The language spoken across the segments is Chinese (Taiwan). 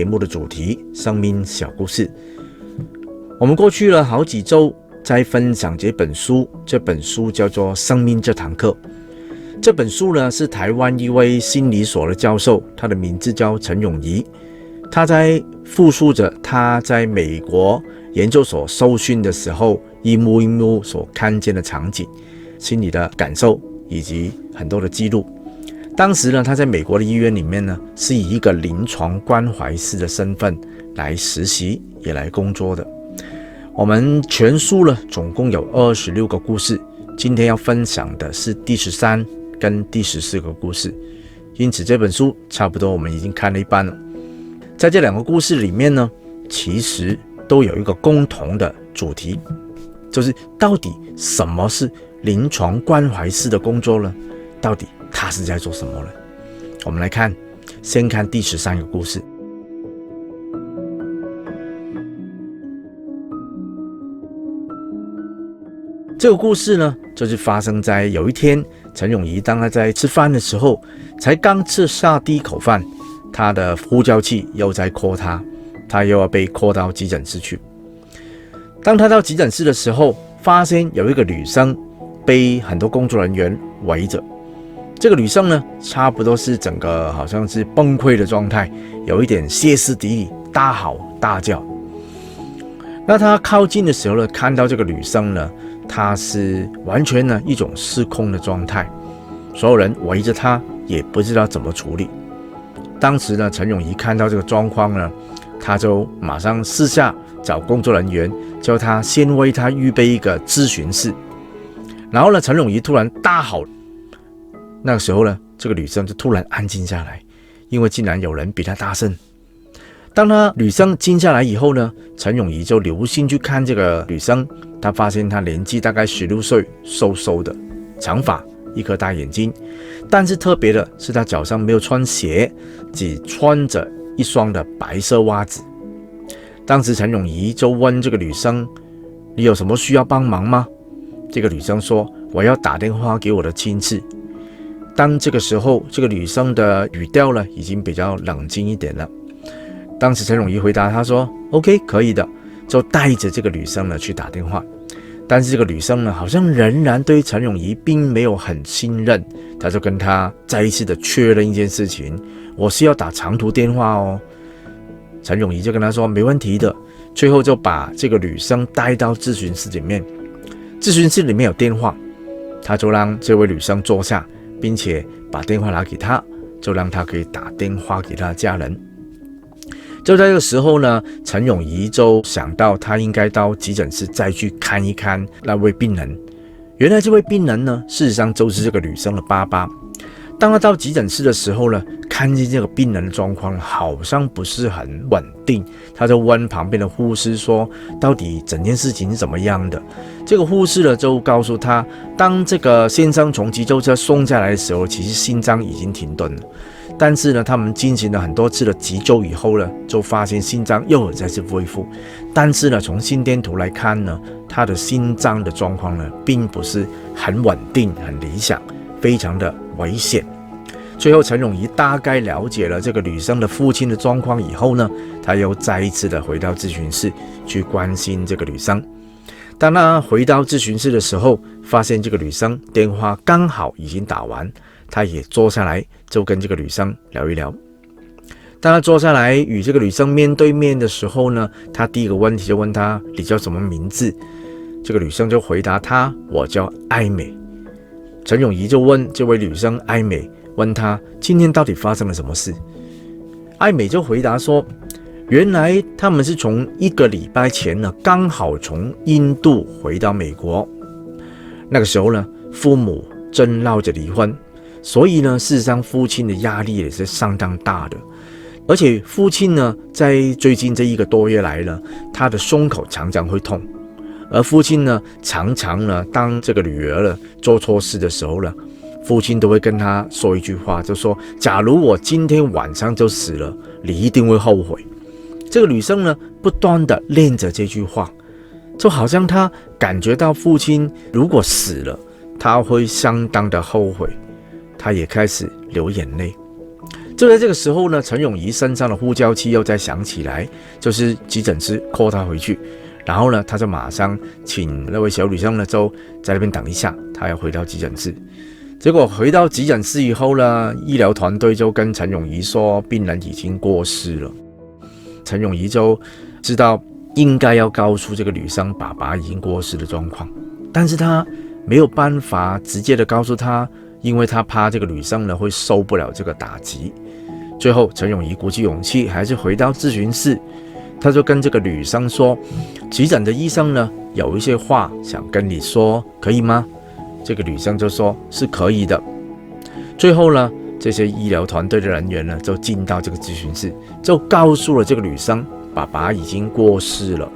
節目的主題：生命小故事。我們過去了好幾周，在分享這本書。這本書叫做《生命這堂課》。這本書呢，是台灣一位心理所的教授，他的名字叫陳永儀。他在複述着他在美國研究所受訓的時候一幕一幕所看見的場景、心裡的感受，以及很多的記錄。當時呢，他在美國的醫院裡面呢，是以一個臨床關懷師的身份來實習也來工作的。我們全書呢，總共有二十六個故事，今天要分享的是第十三跟第十四個故事。因此，這本書差不多我們已經看了一半了。在這兩個故事裡面呢，其實都有一個共同的主題，就是到底什麼是臨床關懷師的工作呢？到底？他是在做什麼呢？我們來看，先看第十三個故事。這個故事呢，就是發生在有一天，陳永儀當他在吃飯的時候，才剛吃下第一口飯，他的呼叫器又在 call 他，他又要被 call 到急診室去。當他到急診室的時候，發現有一個女生被很多工作人員圍着。這個女生呢，差不多是整個好像是崩潰的狀態，有一點歇斯底里，大吼大叫。那他靠近的時候呢，看到這個女生呢，她是完全呢一種失控的狀態，所有人圍着她也不知道怎麼處理。當時呢，陳永儀看到這個狀況呢，他就馬上私下找工作人員，叫他先為他預備一個諮詢室。然後呢，陳永儀突然大吼。那個時候呢，這個女生就突然安靜下來，因為竟然有人比她大聲。當她女生靜下來以後呢，陳永儀就留心去看這個女生。她發現她年紀大概十六歲，瘦瘦的，長髮，一顆大眼睛。但是特別的是，她腳上沒有穿鞋，只穿着一雙的白色襪子。當時陳永儀就問這個女生：“你有什麼需要幫忙嗎？”這個女生說：“我要打電話給我的親戚。”當這個時候，這個女生的語調呢已經比較冷靜一點了。當時陳永儀回答他說：“OK，可以的。”就帶着這個女生呢去打電話。但是這個女生呢，好像仍然對陳永儀並沒有很信任。他就跟她再一次的確認一件事情：“我是要打長途電話哦。”陳永儀就跟他說：“沒問題的。”最後就把這個女生帶到諮詢室裡面。諮詢室裡面有電話，他就讓這位女生坐下。並且把電話拿給他，就讓他可以打電話給他家人。就在這個時候呢，陳永儀就想到他應該到急診室再去看一看那位病人。原來這位病人呢，事實上就是這個女生的爸爸。當他到急診室的時候呢，看見這個病人的狀況好像不是很穩定，他就問旁邊的護士說：“到底整件事情是怎麼樣的？”這個護士呢就告訴他：“當這個先生從急救車送下來的時候，其實心臟已經停頓了。但是呢，他們進行了很多次的急救以後呢，就發現心臟又有再次恢復。但是呢，從心電圖來看呢，他的心臟的狀況呢，並不是很穩定，很理想。”非常的危險。最後，陳永儀大概了解了這個女生的父親的狀況以後呢，他又再一次的回到諮詢室去關心這個女生。當他回到諮詢室的時候，發現這個女生電話剛好已經打完，他也坐下來就跟這個女生聊一聊。當他坐下來與這個女生面對面的時候呢，他第一個問題就問他：“你叫什麼名字？”這個女生就回答他：“我叫艾美。”陳永儀就問這位女生艾美，問她今天到底發生了什麼事。艾美就回答說：“原來他們是從一個禮拜前呢，剛好從印度回到美國。那個時候呢，父母正鬧着離婚，所以呢，事實上父親的壓力也是相當大的。而且父親呢，在最近這一個多月來呢，他的胸口常常會痛。”而父親呢，常常呢，當這個女兒呢做錯事的時候呢，父親都會跟她說一句話，就說：“假如我今天晚上就死了，你一定會後悔。”這個女生呢，不斷的念着這句話，就好像她感覺到父親如果死了，她會相當的後悔，她也開始流眼淚。就在這個時候呢，陳永儀身上的呼叫器又再響起來，就是急診室 call 她回去。然後呢，他就馬上請那位小女生呢，就在那邊等一下，他要回到急診室。結果回到急診室以後呢，醫療團隊就跟陳永儀說，病人已經過世了。陳永儀就知道應該要告訴這個女生爸爸已經過世的狀況，但是他沒有辦法直接的告訴他，因為他怕這個女生呢會受不了這個打擊。最後，陳永儀鼓起勇氣，還是回到諮詢室。他就跟這個女生說：“急診的醫生呢，有一些話想跟你說，可以嗎？”這個女生就說：“是可以的。”最後呢，這些醫療團隊的人員呢，就進到這個諮詢室，就告訴了這個女生，爸爸已經過世了。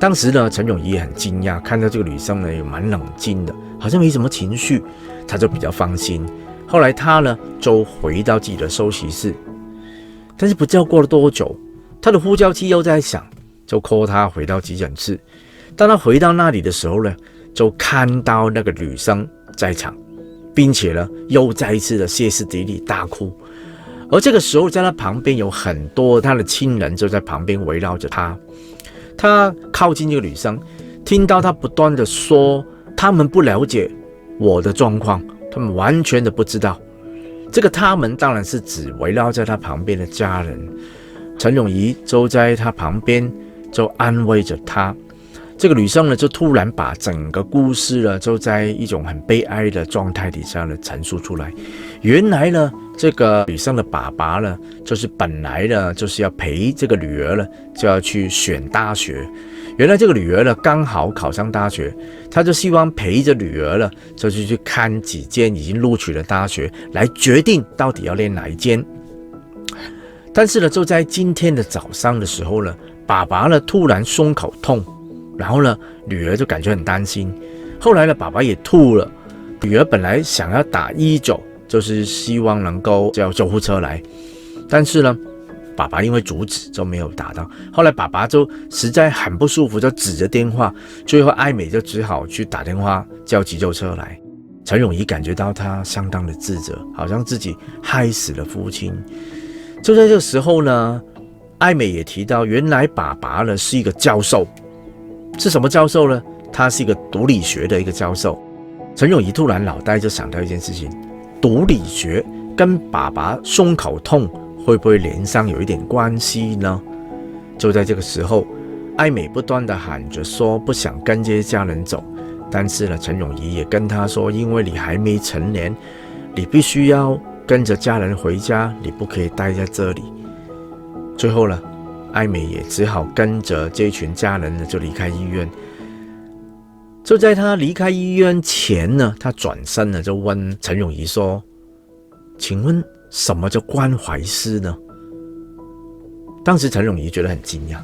當時呢，陳永儀也很驚訝，看到這個女生呢，也蠻冷靜的，好像沒什麼情緒，他就比較放心。後來他呢，就回到自己的休息室，但是不知道過了多久。他的呼叫器又在響，就 call 他回到急診室。當他回到那裡的時候呢，就看到那個女生在場，並且呢，又再一次的歇斯底裡大哭。而這個時候，在他旁邊有很多他的親人就在旁邊圍繞着他。他靠近這個女生，聽到他不斷的說：“他們不了解我的狀況，他們完全的不知道。”這個“他們”當然是指圍繞在他旁邊的家人。陳永儀就在他旁邊，就安慰着他。這個女生呢，就突然把整個故事呢，就在一種很悲哀的狀態底下呢，陳述出來。原來呢，這個女生的爸爸呢，就是本來呢，就是要陪這個女兒呢，就要去選大學。原來這個女兒呢，剛好考上大學，他就希望陪着女兒呢，就是去看幾間已經錄取的大學，來決定到底要練哪一間。但是呢，就在今天的早上的時候呢，爸爸呢突然胸口痛，然後呢，女兒就感覺很擔心。後來呢，爸爸也吐了，女兒本來想要打一一九，就是希望能夠叫救護車來，但是呢，爸爸因為阻止就沒有打到。後來爸爸就實在很不舒服，就指着電話，最後艾美就只好去打電話叫急救車來。陳永儀感覺到他相當的自責，好像自己害死了父親。就在這個時候呢，艾美也提到，原來爸爸呢是一個教授，是什麼教授呢？他是一個毒理學的一個教授。陳永儀突然腦袋就想到一件事情，毒理學跟爸爸胸口痛會不會連上有一點關係呢？就在這個時候，艾美不斷地喊着說不想跟這些家人走，但是呢，陳永儀也跟他說，因為你還沒成年，你必須要。跟着家人回家，你不可以待在這裡。最後呢，艾美也只好跟着這群家人呢，就離開醫院。就在她離開醫院前呢，她轉身呢，就問陳永儀說：“請問什麼叫關懷師呢？”當時陳永儀覺得很驚訝，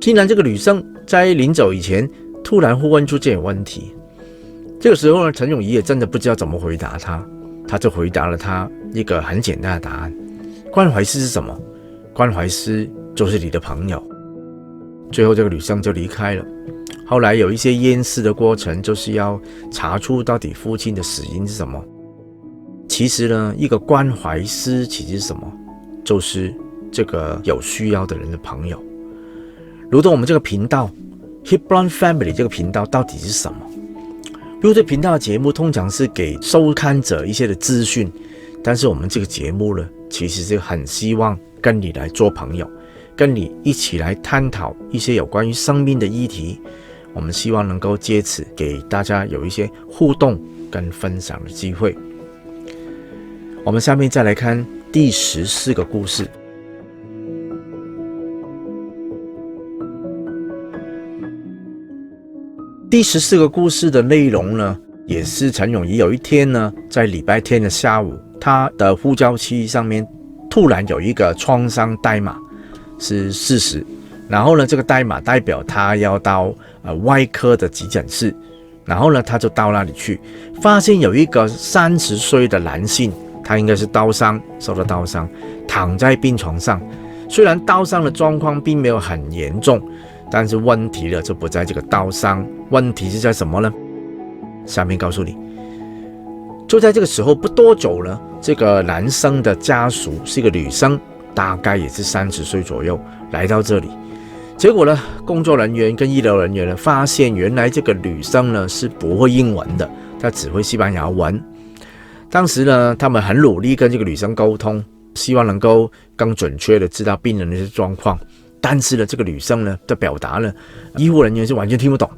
竟然這個女生在臨走以前突然會問出這種問題。這個時候呢，陳永儀也真的不知道怎麼回答她。他就回答了他一個很簡單的答案：關懷師是什麼？關懷師就是你的朋友。最後這個女生就離開了。後來有一些驗屍的過程，就是要查出到底父親的死因是什麼。其實呢，一個關懷師其實是什麼？就是這個有需要的人的朋友。如同我們這個頻道，Hebron Family 這個頻道到底是什麼？如果這頻道的節目通常是給收看者一些的資訊，但是我們這個節目呢，其實就很希望跟你來做朋友，跟你一起來探討一些有關於生命的議題。我們希望能夠借此給大家有一些互動跟分享的機會。我們下面再來看第十四個故事。第十四個故事的內容呢，也是陳永儀有一天呢，在禮拜天的下午，他的呼叫器上面突然有一個創傷代碼，是四十。然後呢，這個代碼代表他要到呃外科的急診室。然後呢，他就到那裡去，發現有一個三十歲的男性，他應該是刀傷，受了刀傷，躺在病床上。雖然刀傷的狀況並沒有很嚴重。但是問題呢，就不在這個刀傷，問題是在什麼呢？下面告訴你，就在這個時候不多久了，這個男生的家屬是一個女生，大概也是三十歲左右來到這裡，結果呢，工作人員跟醫療人員呢發現原來這個女生呢是不會英文的，她只會西班牙文。當時呢，他們很努力跟這個女生溝通，希望能夠更準確的知道病人的一些狀況。但是呢，這個女生呢的表達呢，醫護人員是完全聽不懂。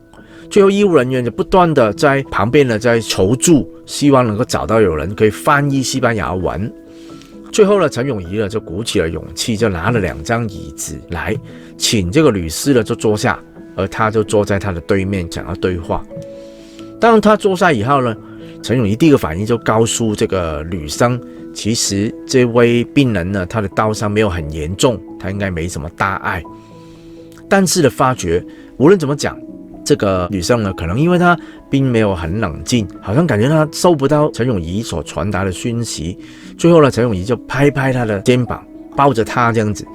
最後，醫務人員就不斷的在旁邊呢在求助，希望能夠找到有人可以翻譯西班牙文。最後呢，陳永儀呢就鼓起了勇氣，就拿了兩張椅子來，請這個女士呢就坐下，而他就坐在他的對面，講了對話。當他坐下以後呢。陳永儀第一個反應就告訴這個女生，其實這位病人呢，他的刀傷沒有很嚴重，他應該沒什麼大礙。但是呢，發覺無論怎麼講，這個女生呢，可能因為她並沒有很冷靜，好像感覺她收不到陳永儀所傳達的訊息。最後呢，陳永儀就拍拍她的肩膀，抱着她這樣子，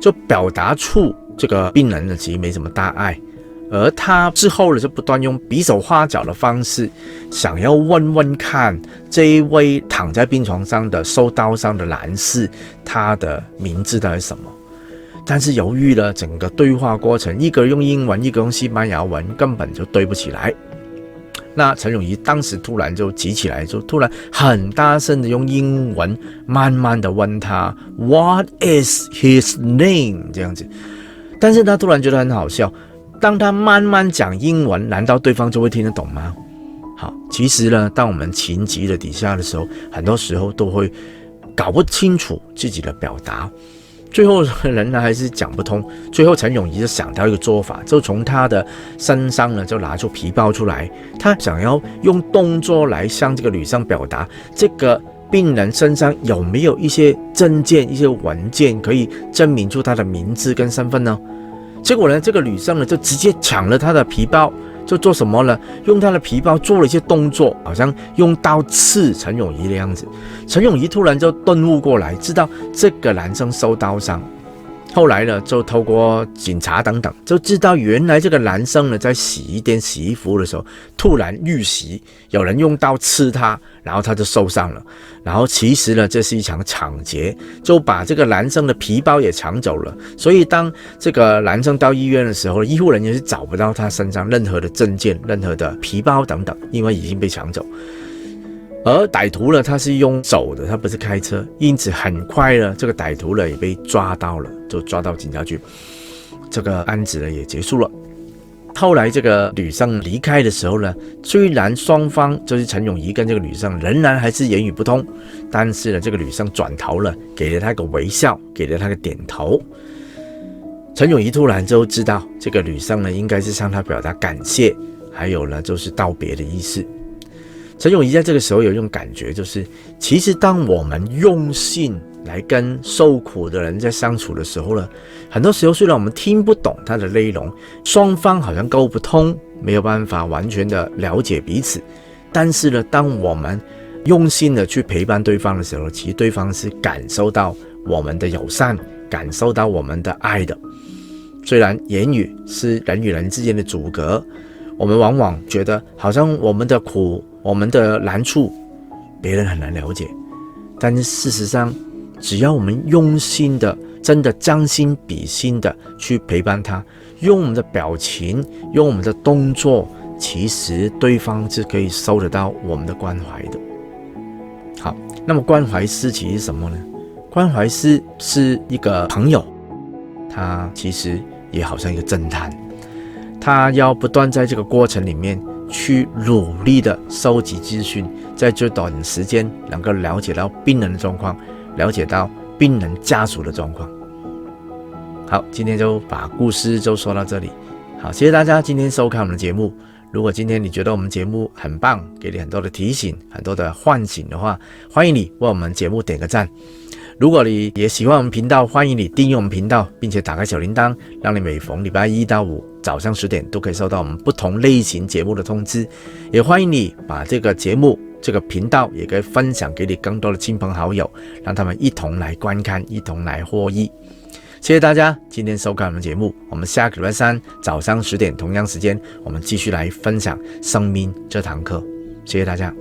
就表達出這個病人呢其實沒什麼大礙。而他之後呢，就不斷用比手畫腳的方式，想要問問看這一位躺在病床上的受刀傷的男士，他的名字到底是什麼？但是由於整個對話過程，一個用英文，一個用西班牙文，根本就對不起來。那陳永儀當時突然就急起來，就突然很大聲的用英文慢慢的問他：“What is his name？” 這樣子，但是他突然覺得很好笑。當他慢慢講英文，難道對方就會聽得懂嗎？好，其實呢，當我們情急的底下的時候，很多時候都會搞不清楚自己的表達，最後仍然還是講不通。最後，陳永儀就想到一個做法，就從他的身上呢，就拿出皮包出來，他想要用動作來向這個女生表達，這個病人身上有沒有一些證件、一些文件可以證明出他的名字跟身份呢？結果呢，這個女生呢，就直接搶了他的皮包，就做什麼呢？用他的皮包做了一些動作，好像用刀刺陳永儀的樣子。陳永儀突然就頓悟過來，知道這個男生受刀傷。後來呢，就透過警察等等，就知道原來這個男生呢，在洗衣店洗衣服的時候，突然遇襲，有人用刀刺他，然後他就受傷了。然後其實呢，這是一場搶劫，就把這個男生的皮包也搶走了。所以當這個男生到醫院的時候，醫護人員是找不到他身上任何的證件、任何的皮包等等，因為已經被搶走。而歹徒呢，他是用手的，他不是開車，因此很快呢，這個歹徒呢也被抓到了，就抓到警察局。這個案子呢也結束了。後來這個女生離開的時候呢，雖然雙方就是陳永儀跟這個女生仍然還是言語不通，但是呢，這個女生轉頭了，給了他個微笑，給了他個點頭。陳永儀突然就知道，這個女生呢應該是向他表達感謝，還有呢就是道別的意思。陳永儀在這個時候有一種感覺，就是其實當我們用心來跟受苦的人在相處的時候呢，很多時候雖然我們聽不懂他的內容，雙方好像溝不通，沒有辦法完全的了解彼此，但是呢，當我們用心的去陪伴對方的時候，其實對方是感受到我們的友善，感受到我們的愛的。雖然言語是人與人之間的阻隔。我們往往覺得好像我們的苦、我們的難處，別人很難了解。但是事實上，只要我們用心的、真的將心比心的去陪伴他，用我們的表情、用我們的動作，其實對方是可以收得到我們的關懷的。好，那麼關懷師其實是什麼呢？關懷師是一個朋友，他其實也好像一個偵探。他要不斷在這個過程裡面去努力的收集資訊，在最短時間能夠了解到病人的狀況，了解到病人家屬的狀況。好，今天就把故事就說到這裡。好，謝謝大家今天收看我們的節目。如果今天你覺得我們節目很棒，給你很多的提醒，很多的喚醒的話，歡迎你為我們節目點個讚。如果你也喜歡我們頻道，歡迎你訂閱我們頻道，並且打開小鈴鐺，讓你每逢禮拜一到五。早上十點都可以收到我們不同類型節目的通知，也歡迎你把這個節目、這個頻道也可以分享給你更多的親朋好友，讓他們一同來觀看，一同來獲益。謝謝大家今天收看我們節目，我們下個禮拜三早上十點同樣時間，我們繼續來分享生命這堂課。謝謝大家。